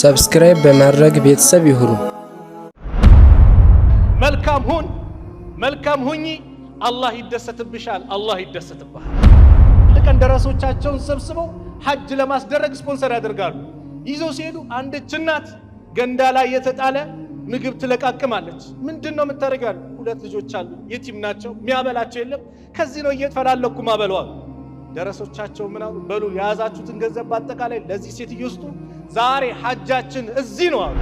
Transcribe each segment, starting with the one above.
ሰብስክራይብ በማድረግ ቤተሰብ ይሁኑ። መልካም ሁን፣ መልካም ሁኚ፣ አላህ ይደሰትብሻል፣ አላህ ይደሰትብሃል። አንድ ቀን ደረሶቻቸውን ሰብስበው ሐጅ ለማስደረግ ስፖንሰር ያደርጋሉ። ይዘው ሲሄዱ አንድች እናት ገንዳ ላይ የተጣለ ምግብ ትለቃቅማለች። ምንድን ነው የምታደርጋሉ? ሁለት ልጆች አሉ፣ የቲም ናቸው፣ የሚያበላቸው የለም። ከዚህ ነው እየተፈላለኩ ማበለዋል። ደረሶቻቸው ምናሉ በሉ የያዛችሁትን ገንዘብ በአጠቃላይ ለዚህ ሴት ስጡ ዛሬ ሐጃችን እዚህ ነው አሉ።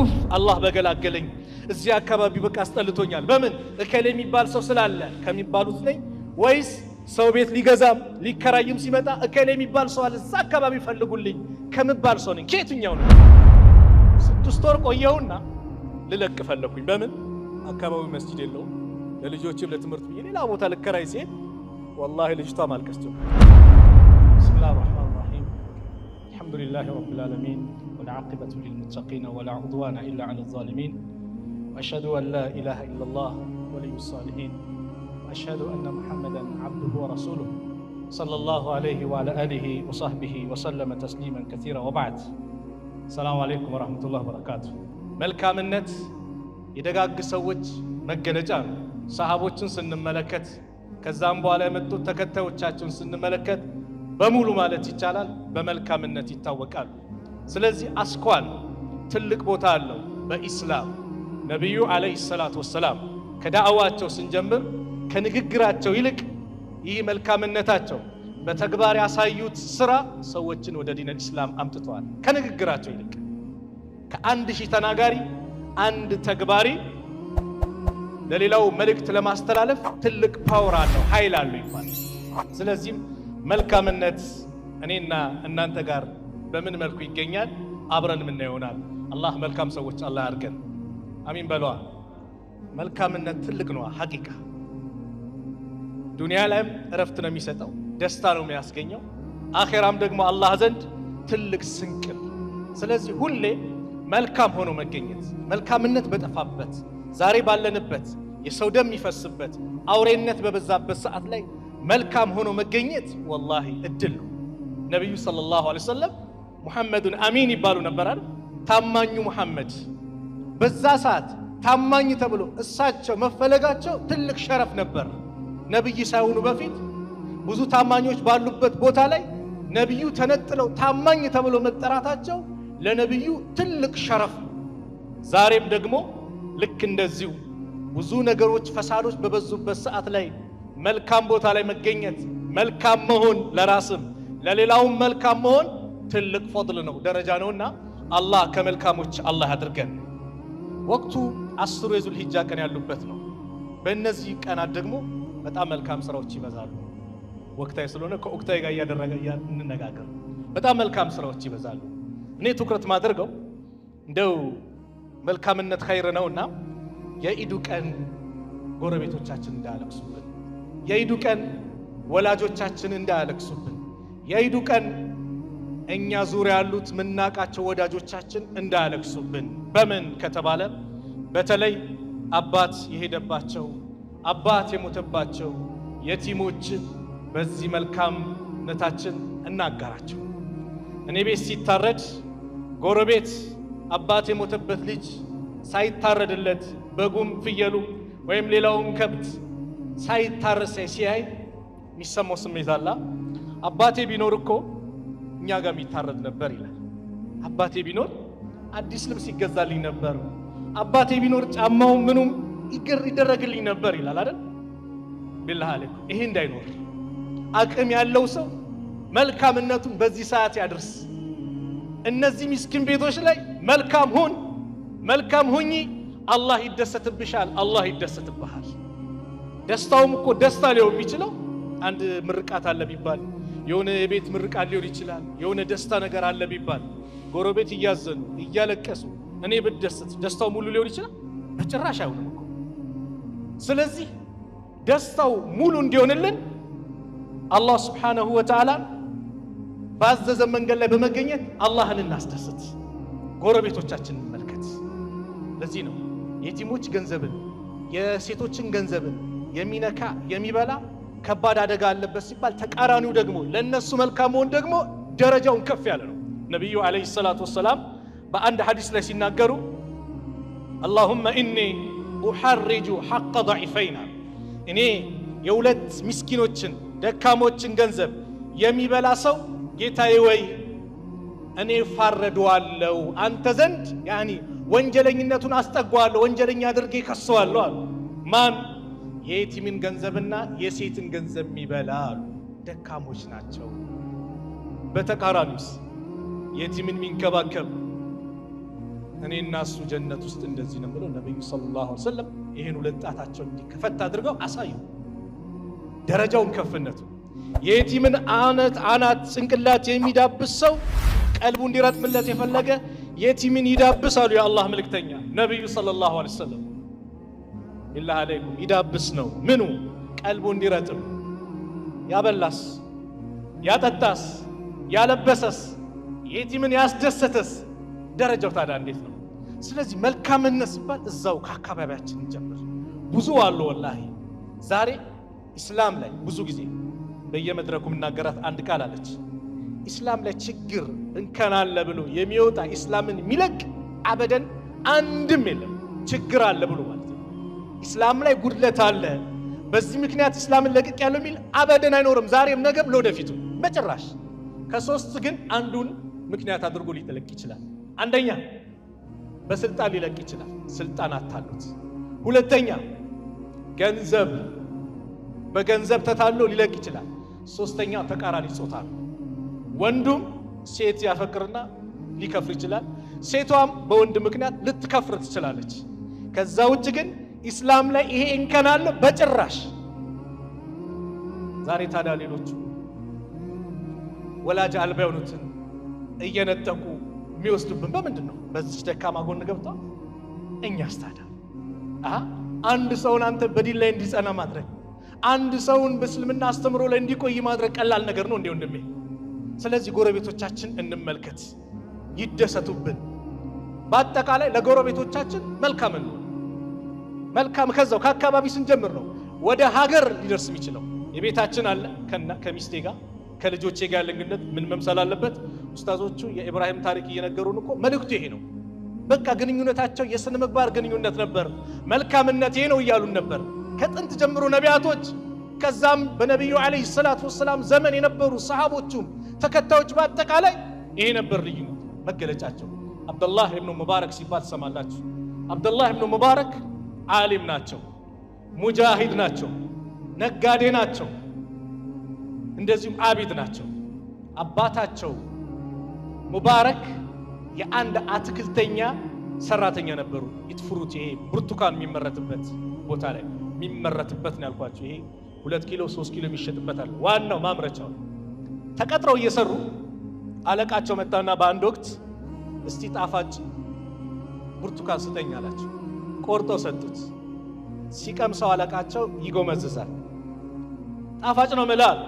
ኡፍ አላህ በገላገለኝ። እዚህ አካባቢ በቃ አስጠልቶኛል። በምን እከሌ የሚባል ሰው ስላለ ከሚባሉት ነኝ ወይስ ሰው ቤት ሊገዛም ሊከራይም ሲመጣ እከሌ የሚባል ሰው አለ እዛ አካባቢ ፈልጉልኝ ከምባል ሰው ነኝ። ከየትኛው ነው? ስድስት ወር ቆየሁና ልለቅ ፈለኩኝ። በምን አካባቢ መስጂድ የለውም ለልጆችም ለትምህርት ብዬ ሌላ ቦታ ልከራይ ሲሄድ ወላሂ ልጅቷ ማልቀስ ጀመረች። الحمد لله رب العالمين والعاقبة للمتقين ولا عدوان إلا على الظالمين وأشهد أن لا إله إلا الله ولي الصالحين وأشهد أن محمدا عبده ورسوله صلى الله عليه وعلى آله وصحبه وسلم تسليما كثيرا وبعد السلام عليكم ورحمة الله وبركاته መልካምነት የደጋግ ሰዎች سن ነው። كزامبو على متو تكتو የመጡት سن ስንመለከት በሙሉ ማለት ይቻላል በመልካምነት ይታወቃሉ። ስለዚህ አስኳል ትልቅ ቦታ አለው በኢስላም። ነቢዩ ዓለይሂ ሰላቱ ወሰላም ከዳዕዋቸው ስንጀምር ከንግግራቸው ይልቅ ይህ መልካምነታቸው በተግባር ያሳዩት ስራ ሰዎችን ወደ ዲነል ኢስላም አምጥተዋል። ከንግግራቸው ይልቅ ከአንድ ሺህ ተናጋሪ አንድ ተግባሪ ለሌላው መልእክት ለማስተላለፍ ትልቅ ፓወር አለው ኃይል አለው ይባላል። ስለዚህም መልካምነት እኔና እናንተ ጋር በምን መልኩ ይገኛል? አብረን ምን ይሆናል። አላህ መልካም ሰዎች አላህ ያድርገን። አሚን በሏ። መልካምነት ትልቅ ነዋ። ሐቂቃ ዱንያ ላይም እረፍት ነው የሚሰጠው፣ ደስታ ነው የሚያስገኘው። አኼራም ደግሞ አላህ ዘንድ ትልቅ ስንቅ። ስለዚህ ሁሌ መልካም ሆኖ መገኘት፣ መልካምነት በጠፋበት ዛሬ ባለንበት የሰው ደም የሚፈስበት አውሬነት በበዛበት ሰዓት ላይ መልካም ሆኖ መገኘት ወላሂ እድል ነው። ነቢዩ ሰለላሁ ዐለይሂ ወሰለም ሙሐመዱን አሚን ይባሉ ነበራል። ታማኙ ሙሐመድ በዛ ሰዓት ታማኝ ተብሎ እሳቸው መፈለጋቸው ትልቅ ሸረፍ ነበር። ነቢይ ሳይሆኑ በፊት ብዙ ታማኞች ባሉበት ቦታ ላይ ነቢዩ ተነጥለው ታማኝ ተብሎ መጠራታቸው ለነቢዩ ትልቅ ሸረፍ ነው። ዛሬም ደግሞ ልክ እንደዚሁ ብዙ ነገሮች፣ ፈሳዶች በበዙበት ሰዓት ላይ መልካም ቦታ ላይ መገኘት፣ መልካም መሆን፣ ለራስም ለሌላውም መልካም መሆን ትልቅ ፈድል ነው ደረጃ ነውና አላህ ከመልካሞች አላህ አድርገን። ወቅቱ አስሩ የዙል ሂጃ ቀን ያሉበት ነው። በእነዚህ ቀናት ደግሞ በጣም መልካም ስራዎች ይበዛሉ። ወቅታዊ ስለሆነ ከወቅታዊ ጋር እያደረገ እንነጋገር። በጣም መልካም ስራዎች ይበዛሉ። እኔ ትኩረት ማድርገው እንደው መልካምነት ኸይር ነውና የኢዱ ቀን ጎረቤቶቻችን እንዳያለቅሱበት የኢዱ ቀን ወላጆቻችን እንዳያለቅሱብን፣ የኢዱ ቀን እኛ ዙሪያ ያሉት ምናቃቸው ወዳጆቻችን እንዳያለቅሱብን። በምን ከተባለ በተለይ አባት የሄደባቸው አባት የሞተባቸው የቲሞች በዚህ መልካምነታችን እናጋራቸው። እኔ ቤት ሲታረድ ጎረቤት አባት የሞተበት ልጅ ሳይታረድለት በጉም ፍየሉም ወይም ሌላውም ከብት ሳይታረሰ ሲያይ የሚሰማው ስሜት አላ አባቴ ቢኖር እኮ እኛ ጋር የሚታረድ ነበር ይላል። አባቴ ቢኖር አዲስ ልብስ ይገዛልኝ ነበር፣ አባቴ ቢኖር ጫማው ምኑም ይደረግልኝ ነበር ይላል አይደል? ቢላህ ይሄ እንዳይኖር አቅም ያለው ሰው መልካምነቱን በዚህ ሰዓት ያድርስ። እነዚህ ምስኪን ቤቶች ላይ መልካም ሁን፣ መልካም ሁኚ፣ አላህ ይደሰትብሻል፣ አላህ ይደሰትብሃል። ደስታውም እኮ ደስታ ሊሆን የሚችለው አንድ ምርቃት አለ ቢባል የሆነ የቤት ምርቃት ሊሆን ይችላል። የሆነ ደስታ ነገር አለ ቢባል ጎረቤት እያዘኑ እያለቀሱ እኔ ብደሰት ደስታው ሙሉ ሊሆን ይችላል? በጭራሽ አይሆንም እኮ። ስለዚህ ደስታው ሙሉ እንዲሆንልን አላህ ሱብሓነሁ ወተዓላ ባዘዘ መንገድ ላይ በመገኘት አላህን እናስደስት፣ ጎረቤቶቻችን እንመልከት። ለዚህ ነው የቲሞች ገንዘብን የሴቶችን ገንዘብን የሚነካ የሚበላ ከባድ አደጋ አለበት ሲባል ተቃራኒው ደግሞ ለነሱ መልካም መሆን ደግሞ ደረጃውን ከፍ ያለ ነው። ነቢዩ ዓለይሂ ሰላቱ ወሰላም በአንድ ሐዲስ ላይ ሲናገሩ አላሁመ ኢኒ ኡሐርጁ ሐቀ ضዒፈይና እኔ የሁለት ምስኪኖችን ደካሞችን ገንዘብ የሚበላ ሰው ጌታዬ ወይ እኔ ፋረደዋለሁ አንተ ዘንድ ያኒ ወንጀለኝነቱን አስጠጓዋለሁ፣ ወንጀለኛ አድርጌ ከሰዋለሁ አሉ። ማን የየቲምን ገንዘብና የሴትን ገንዘብ የሚበላ አሉ። ደካሞች ናቸው። በተቃራኒውስ የቲምን የሚንከባከብ እኔና እሱ ጀነት ውስጥ እንደዚህ ነው ብለው ነቢዩ ሰለላሁ ዐለይሂ ወሰለም ይህን ሁለት ጣታቸውን እንዲከፈት አድርገው አሳዩ። ደረጃውን ከፍነቱ የየቲምን አነት አናት ጭንቅላት የሚዳብስ ሰው ቀልቡ እንዲረጥምለት የፈለገ የቲምን ይዳብሳሉ የአላህ መልእክተኛ ነቢዩ ሰለላሁ ዐለይሂ ወሰለም። ይላሃለ ይዳብስ ነው ምኑ ቀልቡ እንዲረጥብ ያበላስ፣ ያጠጣስ፣ ያለበሰስ፣ የቲምን ያስደሰተስ ደረጃው ታዲያ እንዴት ነው? ስለዚህ መልካምነት ሲባል እዛው ከአካባቢያችን እንጀምር። ብዙ አሉ ወላሂ ዛሬ ኢስላም ላይ ብዙ ጊዜ በየመድረኩ የምናገራት አንድ ቃል አለች። ኢስላም ላይ ችግር እንከን አለ ብሎ የሚወጣ ኢስላምን የሚለቅ አበደን አንድም የለም። ችግር አለ ብሎ ማለት ኢስላም ላይ ጉድለት አለ፣ በዚህ ምክንያት ኢስላምን ለቅቅ ያለው የሚል አበደን አይኖርም። ዛሬም፣ ነገም፣ ለወደፊቱ በጭራሽ። ከሶስት ግን አንዱን ምክንያት አድርጎ ሊለቅ ይችላል። አንደኛ በስልጣን ሊለቅ ይችላል። ስልጣን አታሉት። ሁለተኛ ገንዘብ፣ በገንዘብ ተታሎ ሊለቅ ይችላል። ሶስተኛ ተቃራኒ ጾታ ነው። ወንዱም ሴት ያፈቅርና ሊከፍር ይችላል። ሴቷም በወንድ ምክንያት ልትከፍር ትችላለች። ከዛ ውጭ ግን ኢስላም ላይ ይሄ እንከን አለ? በጭራሽ። ዛሬ ታዲያ ሌሎቹ ወላጅ አልባ የሆኑትን እየነጠቁ የሚወስዱብን በምንድን ነው? በዚች ደካማ ጎን ገብተው እኛስ ታዲያ አንድ ሰውን አንተ በዲን ላይ እንዲጸና ማድረግ አንድ ሰውን በእስልምና አስተምሮ ላይ እንዲቆይ ማድረግ ቀላል ነገር ነው እንዴ ወንድሜ? ስለዚህ ጎረቤቶቻችን እንመልከት፣ ይደሰቱብን። በአጠቃላይ ለጎረቤቶቻችን መልካም ነው። መልካም ከዛው ከአካባቢ ስንጀምር ነው ወደ ሀገር ሊደርስ የሚችለው። የቤታችን አለ ከሚስቴ ጋር ከልጆቼ ጋር ያለን ግንኙነት ምን መምሰል አለበት? ኡስታዞቹ የኢብራሂም ታሪክ እየነገሩን እኮ መልእክቱ ይሄ ነው። በቃ ግንኙነታቸው የስነ ምግባር ግንኙነት ነበር። መልካምነት ይሄ ነው እያሉን ነበር ከጥንት ጀምሮ ነቢያቶች። ከዛም በነቢዩ ዓለይሂ ሰላቱ ወሰላም ዘመን የነበሩ ሰሃቦቹም ተከታዮች በአጠቃላይ ይሄ ነበር ልዩነት መገለጫቸው። አብደላህ ብኑ ሙባረክ ሲባል ትሰማላችሁ። አብደላህ ብኑ ሙባረክ አሊም ናቸው፣ ሙጃሂድ ናቸው፣ ነጋዴ ናቸው፣ እንደዚሁም አቢድ ናቸው። አባታቸው ሙባረክ የአንድ አትክልተኛ ሰራተኛ ነበሩ። ኢትፍሩት ይሄ ብርቱካን የሚመረትበት ቦታ ላይ የሚመረትበት ነው ያልኳቸው። ይሄ ሁለት ኪሎ ሶስት ኪሎ የሚሸጥበታል። ዋናው ማምረቻው ተቀጥረው እየሰሩ አለቃቸው መጣና በአንድ ወቅት እስቲ ጣፋጭ ብርቱካን ስጠኝ አላቸው። ቆርጦ ሰጡት። ሲቀምሰው አለቃቸው ይጎመዝዛል። ጣፋጭ ነው ምላል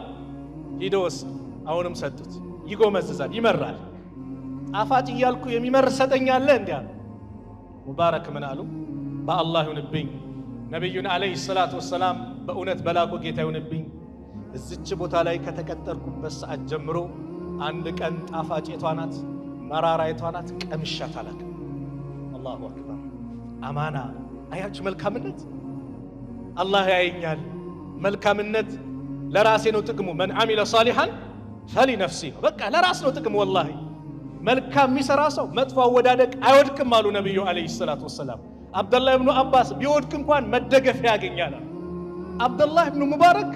ሂዶ ወስድ። አሁንም ሰጡት። ይጎመዝዛል፣ ይመራል። ጣፋጭ እያልኩ የሚመር ሰጠኛለ እንዲያ ሙባረክ ምን አሉ? በአላህ ይሁንብኝ ነቢዩን ዓለይሂ ሰላቱ ወሰላም በእውነት በላኮ ጌታ ይሁንብኝ እዝች ቦታ ላይ ከተቀጠርኩበት ሰዓት ጀምሮ አንድ ቀን ጣፋጭ የቷናት መራራ የቷናት ቀምሻት አላውቅም። አላሁ አክበር አማና አያችሁ፣ መልካምነት አላህ ያየኛል። መልካምነት ለራሴ ነው ጥቅሙ። መን አሚለ ሳሊሐን ፈሊነፍሲ ነው። በቃ ለራስ ነው ጥቅሙ። ወላሂ መልካም የሚሰራ ሰው መጥፎ አወዳደቅ አይወድቅም አሉ ነቢዩ ዓለይሂ ሰላቱ ወሰላም። አብደላህ ብኑ አባስ ቢወድቅ እንኳን መደገፊያ ያገኛል። አብደላህ ብኑ ሙባረክ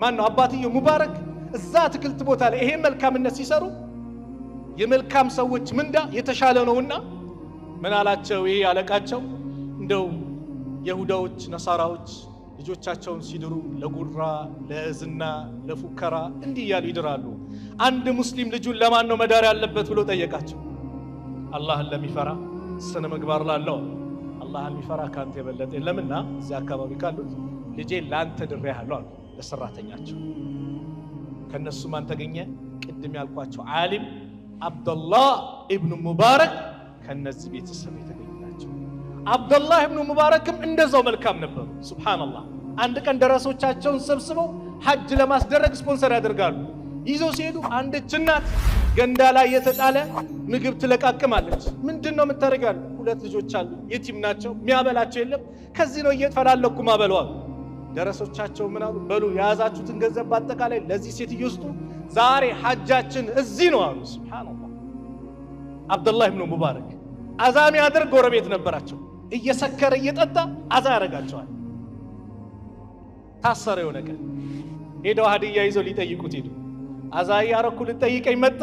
ማን ነው አባትየው ሙባረክ፣ እዛ አትክልት ቦታ ላይ ይሄ መልካምነት ሲሰሩ የመልካም ሰዎች ምንዳ የተሻለ ነውና ምን አላቸው? ይሄ አለቃቸው እንደው የሁዳዎች ነሳራዎች ልጆቻቸውን ሲድሩ ለጉራ ለዝና ለፉከራ እንዲህ እያሉ ይድራሉ። አንድ ሙስሊም ልጁን ለማን ነው መዳር ያለበት ብሎ ጠየቃቸው። አላህን ለሚፈራ ስነ ምግባር ላለው አላህን የሚፈራ ከአንተ የበለጠ የለምና እዚያ አካባቢ ካሉት ልጄ ለአንተ ድሬሃለሁ አሉ። ለሰራተኛቸው ከእነሱ ማን ተገኘ? ቅድም ያልኳቸው ዓሊም አብደላህ ኢብኑ ሙባረክ ከነዚህ ቤተሰብ የተገኙ ናቸው። አብደላህ ብኑ ሙባረክም እንደዛው መልካም ነበሩ። ሱብሓነላህ አንድ ቀን ደረሶቻቸውን ሰብስበው ሐጅ ለማስደረግ ስፖንሰር ያደርጋሉ። ይዘው ሲሄዱ አንድች እናት ገንዳ ላይ የተጣለ ምግብ ትለቃቅማለች። ምንድን ነው የምታደርጋሉ? ሁለት ልጆች አሉ፣ የቲም ናቸው፣ የሚያበላቸው የለም። ከዚህ ነው እየተፈላለኩ ማበለዋል። ደረሶቻቸው ምን አሉ? በሉ የያዛችሁትን ገንዘብ በአጠቃላይ ለዚህ ሴት ስጡ፣ ዛሬ ሐጃችን እዚህ ነው አሉ። ሱብሓነላህ አብደላህ ብኑ ሙባረክ አዛ የሚያደርግ ጎረቤት ነበራቸው። እየሰከረ እየጠጣ አዛ ያደርጋቸዋል። ታሰረ። የሆነ ቀን ሄደው ሀዲያ ይዘው ሊጠይቁት ሄዱ። አዛ እያረኩ ልጠይቀኝ መጣ።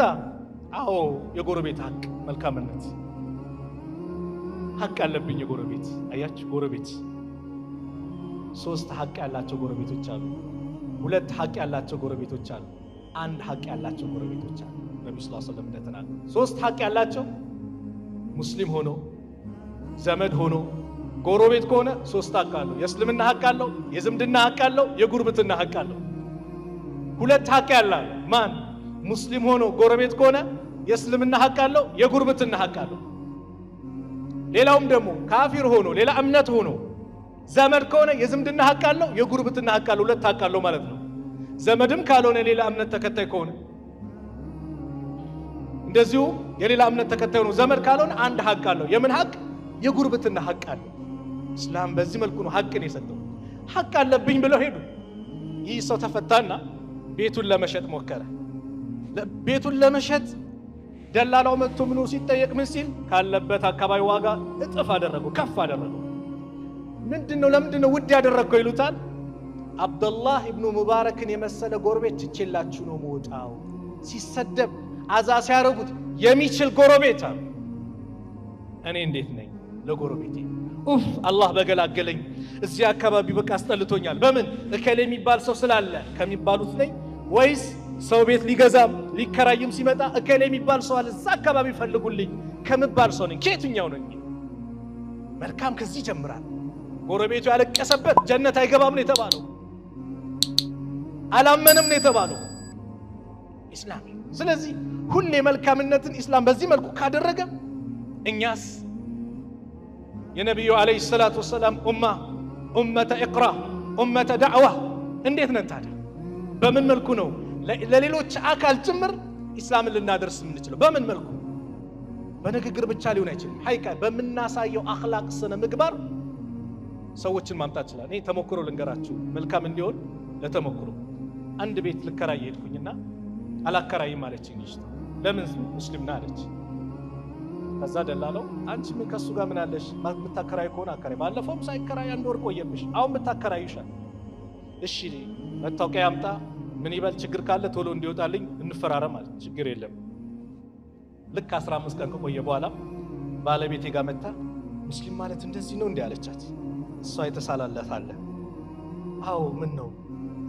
አዎ የጎረቤት ሀቅ መልካምነት ሀቅ ያለብኝ የጎረቤት አያች ጎረቤት ሶስት ሀቅ ያላቸው ጎረቤቶች አሉ። ሁለት ሀቅ ያላቸው ጎረቤቶች አሉ። አንድ ሀቅ ያላቸው ጎረቤቶች አሉ። ነቢ ስ ሰለም እንደተናገሩ ሶስት ሀቅ ያላቸው ሙስሊም ሆኖ ዘመድ ሆኖ ጎረቤት ከሆነ ሶስት ሀቅ አለው። የእስልምና ሀቅ አለው፣ የዝምድና ሀቅ አለው፣ የጉርብትና ሀቅ አለው። ሁለት ሀቅ ያላል። ማን ሙስሊም ሆኖ ጎረቤት ከሆነ የእስልምና ሀቅ አለው፣ የጉርብትና ሀቅ አለው። ሌላውም ደግሞ ካፊር ሆኖ ሌላ እምነት ሆኖ ዘመድ ከሆነ የዝምድና ሀቅ አለው፣ የጉርብትና ሀቅ አለው። ሁለት ሀቅ አለው ማለት ነው። ዘመድም ካልሆነ ሌላ እምነት ተከታይ ከሆነ እንደዚሁ የሌላ እምነት ተከታይ ነው ዘመድ ካልሆነ አንድ ሀቅ አለው። የምን ሀቅ? የጉርብትና ሀቅ አለው። እስላም በዚህ መልኩ ነው ሀቅን የሰጠው። ሀቅ አለብኝ ብለው ሄዱ። ይህ ሰው ተፈታና ቤቱን ለመሸጥ ሞከረ። ቤቱን ለመሸጥ ደላላው መጥቶ ምኑ ሲጠየቅ ምን ሲል ካለበት አካባቢ ዋጋ እጥፍ አደረገው፣ ከፍ አደረገው። ምንድን ነው ለምንድን ነው ውድ ያደረግከው ይሉታል። አብደላህ ኢብኑ ሙባረክን የመሰለ ጎረቤት ትቼላችሁ ነው መውጣው ሲሰደብ አዛ ሲያደርጉት የሚችል ጎረቤት አሉ። እኔ እንዴት ነኝ ለጎረቤቴ? ኡፍ አላህ በገላገለኝ። እዚህ አካባቢ በቃ አስጠልቶኛል። በምን እከሌ የሚባል ሰው ስላለ ከሚባሉት ነኝ ወይስ ሰው ቤት ሊገዛም ሊከራይም ሲመጣ እከሌ የሚባል ሰው አለ እዛ አካባቢ ፈልጉልኝ ከምባል ሰው ነኝ? ከየትኛው ነኝ? መልካም ከዚህ ይጀምራል። ጎረቤቱ ያለቀሰበት ጀነት አይገባም ነው የተባለው። አላመንም ነው የተባለው ኢስላም። ስለዚህ ሁሌ መልካምነትን ኢስላም በዚህ መልኩ ካደረገ እኛስ የነቢዩ ዓለይሂ ሰላቱ ወሰላም ኡማ ኡመተ ኢቅራ ኡመተ ዳዕዋ እንዴት ነን ታዲያ? በምን መልኩ ነው ለሌሎች አካል ጭምር ኢስላምን ልናደርስ የምንችለው? በምን መልኩ? በንግግር ብቻ ሊሆን አይችልም። ሐቂቃ በምናሳየው አኽላቅ፣ ስነ ምግባር ሰዎችን ማምጣት ይችላል። እኔ ተሞክሮ ልንገራችሁ መልካም እንዲሆን ለተሞክሮ አንድ ቤት ልከራይ ሄድኩኝና አላከራይም አለችኝ። ለምን ሙስሊም ነህ አለች። ከዛ ደላለው አንቺ ምን ከሱ ጋር ምን አለሽ? የምታከራይ ከሆነ አከራይ። ባለፈውም ሳይከራይ አንድ ወር ቆየብሽ፣ አሁን ብታከራይ ይሻል። እሺ መታወቂያ ያምጣ፣ ምን ይበል፣ ችግር ካለ ቶሎ እንዲወጣልኝ እንፈራረም አለች። ችግር የለም። ልክ 15 ቀን ከቆየ በኋላ ባለቤቴ ጋር መታ ሙስሊም ማለት እንደዚህ ነው እንዲህ አለቻት። እሷ የተሳላላት አለ። አዎ ምን ነው?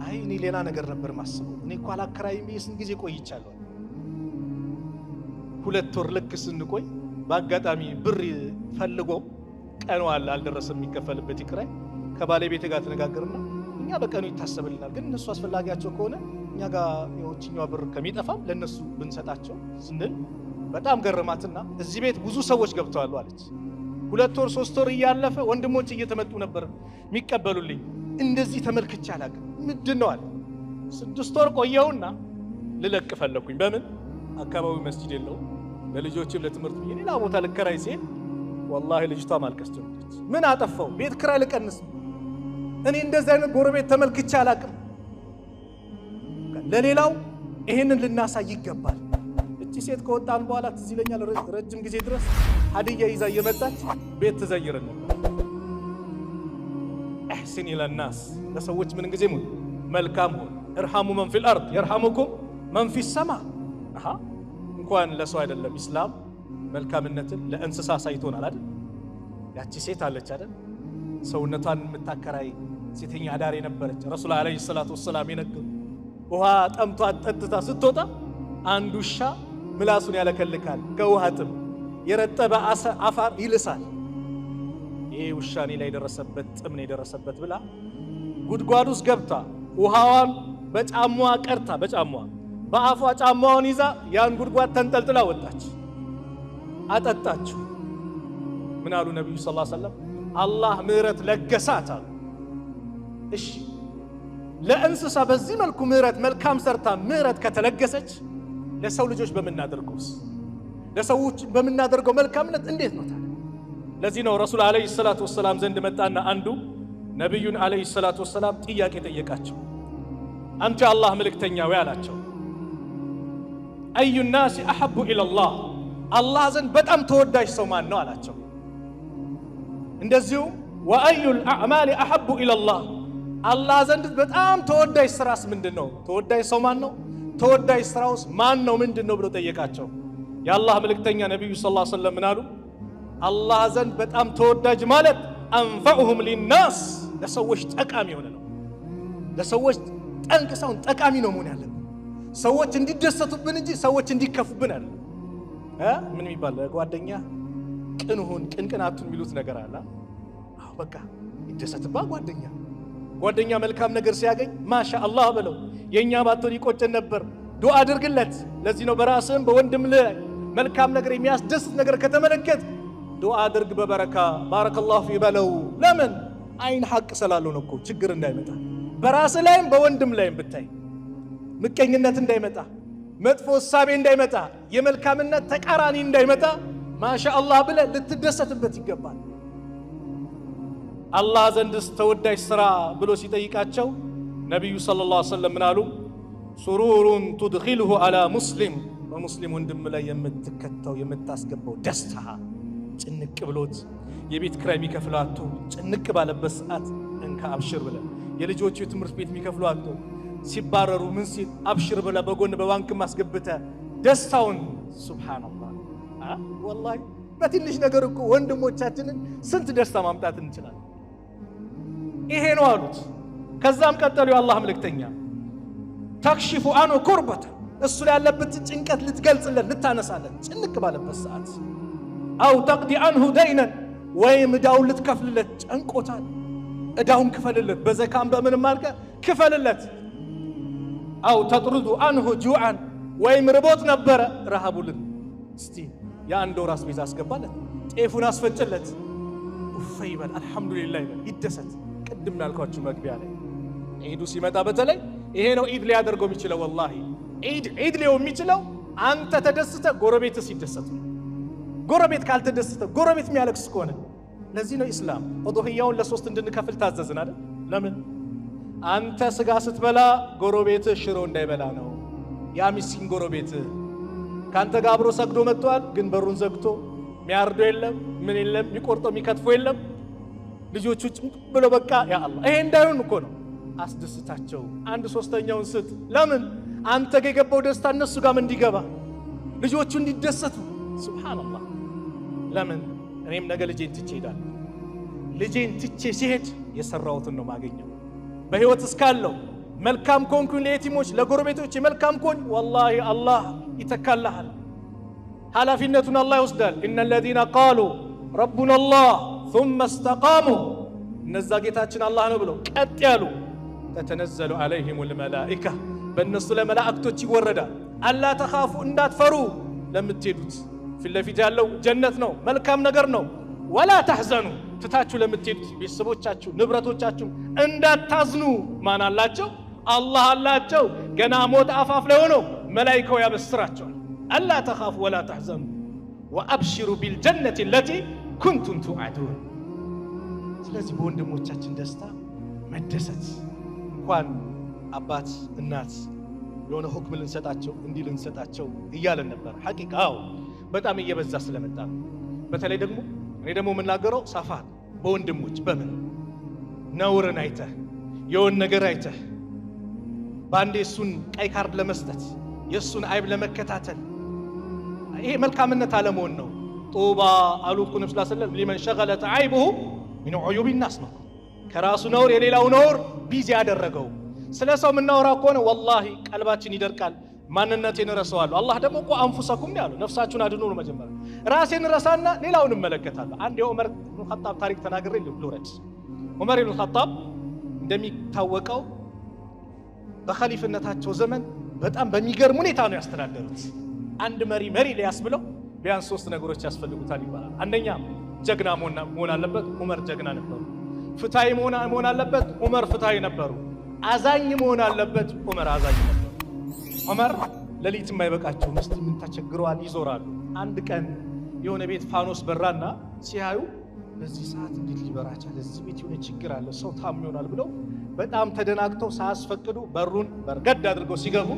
አይ እኔ ሌላ ነገር ነበር ማስበው። እኔ እኮ አላከራይም፣ ስንት ጊዜ ቆይቻለሁ ሁለት ወር ልክ ስንቆይ በአጋጣሚ ብር ፈልጎ ቀኑ አልደረሰም የሚከፈልበት ይቅራይ ከባለቤት ጋር ተነጋገርና እኛ በቀኑ ይታሰብልናል፣ ግን እነሱ አስፈላጊያቸው ከሆነ እኛ ጋር የውችኛዋ ብር ከሚጠፋም ለእነሱ ብንሰጣቸው ስንል በጣም ገረማትና እዚህ ቤት ብዙ ሰዎች ገብተዋል አለች። ሁለት ወር ሶስት ወር እያለፈ ወንድሞች እየተመጡ ነበር የሚቀበሉልኝ። እንደዚህ ተመልክቼ አላውቅም። ምንድን ነው አለ። ስድስት ወር ቆየውና ልለቅ ፈለኩኝ። በምን አካባቢው መስጂድ የለውም ለልጆችም ለትምህርት ብዬ ሌላ ቦታ ልከራይ ሲል ወላሂ ልጅቷ ማልቀስ ጀመረች። ምን አጠፋው? ቤት ክራይ ልቀንስ? እኔ እንደዚህ አይነት ጎረቤት ተመልክቼ አላቅም። ለሌላው ይሄንን ልናሳይ ይገባል። እቺ ሴት ከወጣን በኋላ ትዝ ይለኛል፣ ረጅም ጊዜ ድረስ ሀድያ ይዛ እየመጣች ቤት ትዘይር ነበር። እሕሲን ኢለናስ ለሰዎች ምን ጊዜ መልካም ሆን፣ እርሐሙ መን አርድ የርሐሙኩም መን ሰማ እንኳን ለሰው አይደለም ኢስላም መልካምነትን ለእንስሳ ሳይቶናል አይደል? ያቺ ሴት አለች አይደል? ሰውነቷን የምታከራይ ሴተኛ አዳር የነበረች ረሱል ዓለይሂ ሰላቱ ወሰላም የነገሩ ውሃ ጠምቷ ጠጥታ ስትወጣ አንድ ውሻ ምላሱን ያለከልካል ከውሃ ጥም፣ የረጠበ አፋር ይልሳል። ይሄ ውሻ እኔ ላይ የደረሰበት ጥም ነው የደረሰበት ብላ ጉድጓድ ውስጥ ገብታ ውሃዋን በጫሟ ቀርታ በጫሟ በአፏ ጫማዋን ይዛ ያን ጉድጓድ ተንጠልጥላ ወጣች፣ አጠጣችው። ምን አሉ ነቢዩ ሰለላሁ ዐለይሂ አላህ ምህረት ለገሳት አሉ። እሺ ለእንስሳ በዚህ መልኩ ምህረት መልካም ሰርታ ምህረት ከተለገሰች ለሰው ልጆች በምናደርገውስ ለሰዎች በምናደርገው መልካምነት እንዴት ነው ታዲያ? ለዚህ ነው ረሱል አለይሂ ሰላቱ ወሰላም ዘንድ መጣና አንዱ ነቢዩን አለይሂ ሰላቱ ወሰላም ጥያቄ ጠየቃቸው። አንተ አላህ መልእክተኛ ወይ አላቸው አዩ ናሲ አሐቡ ኢለላህ አላህ ዘንድ በጣም ተወዳጅ ሰው ማን ነው አላቸው። እንደዚሁም ወአዩል አዕማል አሐቡ ኢለላህ አላህ ዘንድ በጣም ተወዳጅ ስራስ ምንድን ነው? ተወዳጅ ሰው ማን ነው? ተወዳጅ ስራውስ ማን ነው? ምንድን ነው ብሎ ጠየቃቸው። የአላህ መልእክተኛ ነቢዩ ሰለላሁ ዐለይሂ ወሰለም ምን አሉ? አላህ ዘንድ በጣም ተወዳጅ ማለት አንፈዑሁም ሊናስ ለሰዎች ጠቃሚ የሆነ ነው። ለሰዎች ጠንቅ ሰውን ጠቃሚ ነው መሆን ያለበት ሰዎች እንዲደሰቱብን እንጂ ሰዎች እንዲከፉብን አለ። ምን የሚባል ጓደኛ ቅን ሁን ቅንቅን የሚሉት ነገር አለ። አዎ በቃ ይደሰትባ ጓደኛ ጓደኛ መልካም ነገር ሲያገኝ ማሻ አላህ በለው። የእኛ ባቶን ይቆጨን ነበር። ዱዓ አድርግለት። ለዚህ ነው በራስህም በወንድም ላይ መልካም ነገር የሚያስደስት ነገር ከተመለከት ዱዓ አድርግ፣ በበረካ ባረከላሁ ፊ በለው። ለምን አይን ሐቅ ስላለው ነው እኮ ችግር እንዳይመጣ በራስህ ላይም በወንድም ላይም ብታይ ምቀኝነት እንዳይመጣ፣ መጥፎ እሳቤ እንዳይመጣ፣ የመልካምነት ተቃራኒ እንዳይመጣ ማሻአላህ አላህ ልትደሰትበት ይገባል። አላህ ዘንድስ ተወዳጅ ሥራ ብሎ ሲጠይቃቸው ነቢዩ ሰለላሁ ዐለይሂ ወሰለም ምን አሉ? ሱሩሩን ቱድኪልሁ አላ ሙስሊም በሙስሊም ወንድም ላይ የምትከተው የምታስገባው ደስታ ጭንቅ ብሎት የቤት ክራይ የሚከፍለው አጥቶ ጭንቅ ባለበት ሰዓት እንካ አብሽር ብለን የልጆቹ የትምህርት ቤት የሚከፍሉ። አጥቶ ሲባረሩ ምን ሲል አብሽር ብለ በጎን በባንክም አስገብተ ደስታውን ሱብሃነላህ ወላሂ በትንሽ ነገር እኮ ወንድሞቻችንን ስንት ደስታ ማምጣት እንችላለን። ይሄ ነው አሉት። ከዛም ቀጠሉ የአላህ መልእክተኛ ተክሽፉ አኖ ኮርበተ እሱ ላይ ያለበትን ጭንቀት ልትገልጽለን ልታነሳለን ጭንቅ ባለበት ሰዓት አው ተቅዲ አንሁ ደይነን ወይም እዳውን ልትከፍልለት ጨንቆታል። እዳውን ክፈልለት፣ በዘካም በምንም አልከ ክፈልለት አው ተጥሩዱ አንሁ ጁዓን ወይም ርቦት ነበረ ረሃቡልን እስቲ የአንድ ወር አስቤዛ አስገባለት፣ ጤፉን አስፈጭለት፣ ውፈ ይበል አልሐምዱሊላ ይበል ይደሰት። ቅድም ላልኳችሁ መግቢያ ላይ ኢዱ ሲመጣ በተለይ ይሄ ነው ኢድ ሊያደርገው የሚችለው ወላሂ ዒድ ዒድ ሊው የሚችለው አንተ ተደስተ ጎረቤት ሲደሰት ነው። ጎረቤት ካልተደሰተ ጎረቤት የሚያለቅስ ከሆነ ለዚህ ነው ኢስላም ኡድሒያውን ለሶስት እንድንከፍል ታዘዝን አይደል? ለምን አንተ ስጋ ስትበላ ጎረቤትህ ሽሮ እንዳይበላ ነው። ያ ሚስኪን ጎረቤትህ ከአንተ ጋር አብሮ ሰግዶ መጥቷል፣ ግን በሩን ዘግቶ ሚያርዶ የለም ምን የለም ሚቆርጠው የሚከትፎ የለም። ልጆቹ ጭምቅ ብሎ በቃ ያ አላህ ይሄ እንዳይሆን እኮ ነው። አስደስታቸው፣ አንድ ሶስተኛውን ስጥ። ለምን አንተ ጋር የገባው ደስታ እነሱ ጋም እንዲገባ ልጆቹ እንዲደሰቱ። ሱብሃንአላህ። ለምን እኔም ነገ ልጄን ትቼ ሄዳለሁ። ልጄን ትቼ ሲሄድ የሰራሁትን ነው ማገኘው። በህይወት እስካለው መልካም ኮንኩኝ ለየቲሞች ለጎረቤቶች መልካም ኮን ወላሂ አላህ ይተካልሃል። ኃላፊነቱን አላህ ይወስዳል። እነ ለዚነ ቃሉ ረቡና አላህ ثመ እስተቃሙ እነዛ ጌታችን አላህ ነው ብለው ቀጥ ያሉ ተተነዘሉ አለይሂም ልመላኢካ በእነሱ ላይ ይወረዳል። አላ ተኻፉ እንዳትፈሩ ለምትሄዱት ፊት ለፊት ያለው ጀነት ነው፣ መልካም ነገር ነው። ወላ ተሕዘኑ ትታችሁ ለምትሄዱት ቤተሰቦቻችሁ፣ ንብረቶቻችሁ እንዳታዝኑ ማን አላቸው? አላህ አላቸው። ገና ሞት አፋፍ ላይ ሆኖ መላይካው ያበስራቸዋል። አላ ተኻፉ ወላ ተሕዘኑ ወአብሽሩ ቢልጀነት ለቲ ኩንቱም ቱዓዱን። ስለዚህ በወንድሞቻችን ደስታ መደሰት እንኳን አባት እናት የሆነ ሁክም ልንሰጣቸው እንዲህ ልንሰጣቸው እያለን ነበር። ሐቂቃው በጣም እየበዛ ስለመጣ በተለይ ደግሞ እኔ ደግሞ የምናገረው ሳፋት በወንድሞች በምን ነውርን አይተህ የሆን ነገር አይተህ በአንዴ እሱን ቀይ ካርድ ለመስጠት የእሱን አይብ ለመከታተል ይሄ መልካምነት አለመሆን ነው። ጦባ አሉ እኮ ነብስ ስላሰለም ሊመን ሸገለተ አይብሁ ሚን ዑዩብ ናስ ነው። ከራሱ ነውር የሌላው ነውር ቢዚ ያደረገው። ስለ ሰው የምናወራ ከሆነ ወላሂ ቀልባችን ይደርቃል። ማንነቴን እረሳዋለሁ። አላህ ደግሞ እኮ አንፉሰኩም ነው ነፍሳችሁን አድኑ ነው መጀመሪያ ራሴን ረሳና ሌላውን እመለከታለሁ። አንድ የዑመር ኢብኑ ኸጣብ ታሪክ ተናግሬ ልውረድ። ዑመር ኢብኑ ኸጣብ እንደሚታወቀው በኸሊፍነታቸው ዘመን በጣም በሚገርም ሁኔታ ነው ያስተዳደሩት። አንድ መሪ መሪ ሊያስ ብለው ቢያንስ ሶስት ነገሮች ያስፈልጉታል ይባላል። አንደኛ ጀግና መሆን አለበት። ዑመር ጀግና ነበሩ። ፍትሐዊ መሆን አለበት። ዑመር ፍትሐዊ ነበሩ። አዛኝ መሆን አለበት። ዑመር አዛኝ ነበሩ። ዑመር ሌሊት የማይበቃቸው ምስት ምን ተቸግረዋል ይዞራሉ። አንድ ቀን የሆነ ቤት ፋኖስ በራና ሲያዩ በዚህ ሰዓት እንዴት ሊበራቻል? እዚህ ቤት የሆነ ችግር አለ፣ ሰው ታም ይሆናል ብለው በጣም ተደናግተው ሳያስፈቅዱ በሩን በርገድ አድርገው ሲገቡ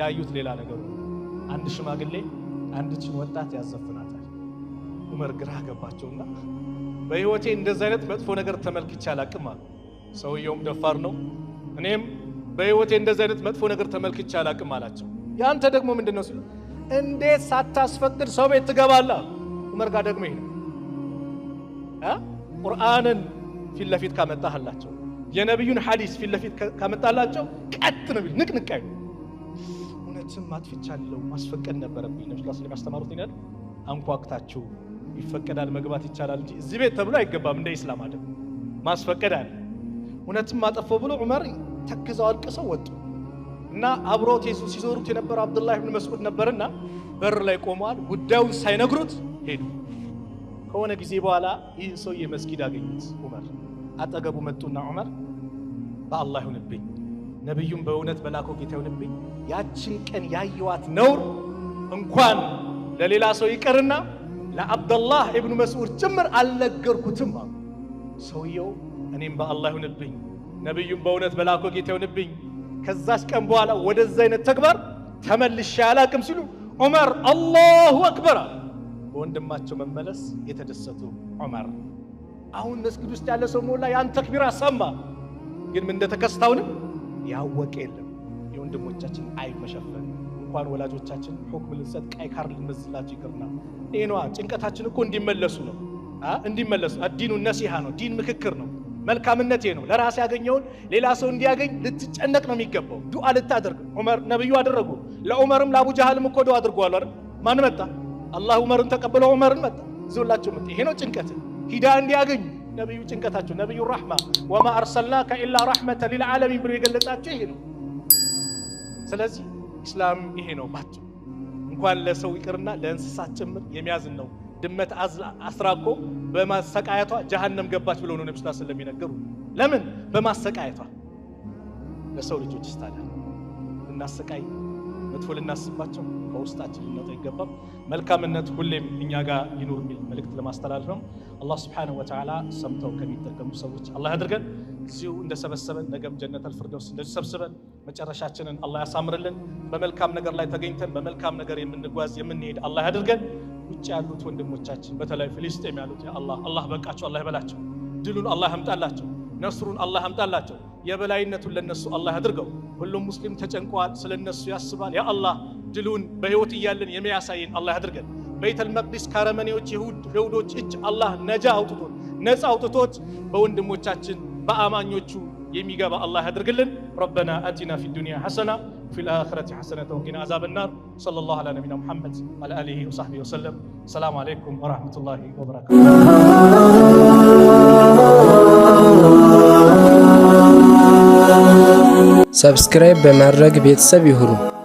ያዩት ሌላ ነገሩ አንድ ሽማግሌ አንድችን ወጣት ያዘፍናታል። ዑመር ግራ ገባቸውና በሕይወቴ እንደዚህ አይነት መጥፎ ነገር ተመልክቼ አላቅም አሉ። ሰውየውም ደፋር ነው። እኔም በሕይወቴ እንደዚህ አይነት መጥፎ ነገር ተመልክቼ አላቅም አላቸው። የአንተ ደግሞ ምንድን ነው ሲሉ እንዴት ሳታስፈቅድ ሰው ቤት ትገባላ? ዑመር ጋር ደግሞ ይሄ ቁርአንን ፊት ለፊት ካመጣህላቸው የነቢዩን ሐዲስ ፊት ለፊት ካመጣላቸው ቀጥ ነው ቢል ንቅንቅ አይሉ እውነትም አጥፍቻለሁ፣ ማስፈቀድ ነበረብኝ። ነቢ ስ ያስተማሩት ይናል አንኳክታችሁ ይፈቀዳል መግባት ይቻላል እንጂ እዚህ ቤት ተብሎ አይገባም። እንደ ኢስላም አደብ ማስፈቀድ አለ። እውነትም አጠፎ ብሎ ዑመር ተክዘው አልቅሰው ወጡ። እና አብሮት ሲዞሩት የነበረ አብዱላህ ኢብኑ መስዑድ ነበርና በር ላይ ቆመዋል። ጉዳዩን ሳይነግሩት ሄዱ። ከሆነ ጊዜ በኋላ ይህን ሰውዬ መስጊድ አገኙት። ዑመር አጠገቡ መጡና ዑመር በአላህ ይሁንብኝ፣ ነቢዩም በእውነት በላከው ጌታ ይሁንብኝ፣ ያችን ቀን ያየዋት ነውር እንኳን ለሌላ ሰው ይቅርና ለአብደላህ ኢብኑ መስዑድ ጭምር አልነገርኩትም አሉ። ሰውየው እኔም በአላህ ይሁንብኝ፣ ነቢዩም በእውነት በላከው ጌታ ይሁንብኝ ከዛች ቀን በኋላ ወደዛ አይነት ተግባር ተመልሼ አላቅም ሲሉ ዑመር አላሁ አክበር አለ። በወንድማቸው መመለስ የተደሰቱ ዑመር አሁን መስጊድ ውስጥ ያለ ሰው ሞላ ያን ተክቢር አሰማ። ግን ምን እንደተከስታውንም ያወቀ የለም። የወንድሞቻችን አይብ መሸፈን እንኳን ወላጆቻችን ሑክም ልንሰጥ ቀይ ካርድ ልንመስላቸው ይቅርና ይህ ነዋ ጭንቀታችን እኮ እንዲመለሱ ነው እንዲመለሱ። አዲኑ ነሲሃ ነው ዲን ምክክር ነው። መልካምነት ይሄ ነው። ለራስ ያገኘውን ሌላ ሰው እንዲያገኝ ልትጨነቅ ነው የሚገባው። ዱዓ ልታደርግ ዑመር ነብዩ አደረጉ። ለዑመርም ለአቡ ጃህልም እኮ ዱዓ አድርጓል አይደል? ማን መጣ? አላህ ዑመርን ተቀብለው ዑመርን መጣ። ይዞላቸው መጣ። ይሄ ነው ጭንቀት። ሂዳ እንዲያገኙ ነብዩ ጭንቀታቸው ነብዩ ራህማ ወማ አርሰልናከ ኢላ ረሕመተ ሊልዓለሚን ብሎ የገለጻቸው ይሄ ነው። ስለዚህ ኢስላም ይሄ ነው ባቸው እንኳን ለሰው ይቅርና ለእንስሳት ጭምር የሚያዝን ነው። ድመት አስራቆ በማሰቃየቷ ጀሃነም ገባች ብለው ነው ነብዩ ሰለላሁ ዐለይሂ ወሰለም የሚነገሩ። ለምን በማሰቃየቷ ለሰው ልጆች ስታዳ ልናሰቃይ መጥፎ ልናስባቸው ከውስጣችን ልናወጣ ይገባል። መልካምነት ሁሌም እኛ ጋር ይኑር የሚል መልእክት ለማስተላለፍ ነው። አላህ ስብሓነሁ ወተዓላ ሰምተው ከሚጠቀሙ ሰዎች አላህ አድርገን እዚሁ እንደሰበሰበን ነገም ጀነተል ፊርደውስ እንደዚሁ ሰብስበን መጨረሻችንን አላህ ያሳምርልን። በመልካም ነገር ላይ ተገኝተን በመልካም ነገር የምንጓዝ የምንሄድ አላህ አድርገን ውጭ ያሉት ወንድሞቻችን በተለይ ፊልስጤም ያሉት አላህ አላህ በቃቸው፣ አላህ ይበላቸው፣ ድሉን አላህ ያምጣላቸው፣ ነስሩን አላህ ያምጣላቸው፣ የበላይነቱን ለነሱ አላህ ያድርገው። ሁሉም ሙስሊም ተጨንቋል፣ ስለነሱ ያስባል። ያ አላህ ድሉን በህይወት እያለን የሚያሳይን አላህ ያድርገን። ቤተል መቅዲስ ከአረመኔዎች ይሁዶች እጅ አላህ ነጃ አውጥቶት ነጻ አውጥቶት በወንድሞቻችን በአማኞቹ የሚገባ አላህ ያድርግልን። ረበና አቲና ፊ ዱንያ ሐሰና وفي الآخرة حسنة وقنا عذاب النار صلى الله على نبينا محمد وعلى آله وصحبه وسلم السلام عليكم ورحمة الله وبركاته سبسكرايب بمرق بيتسبي هروب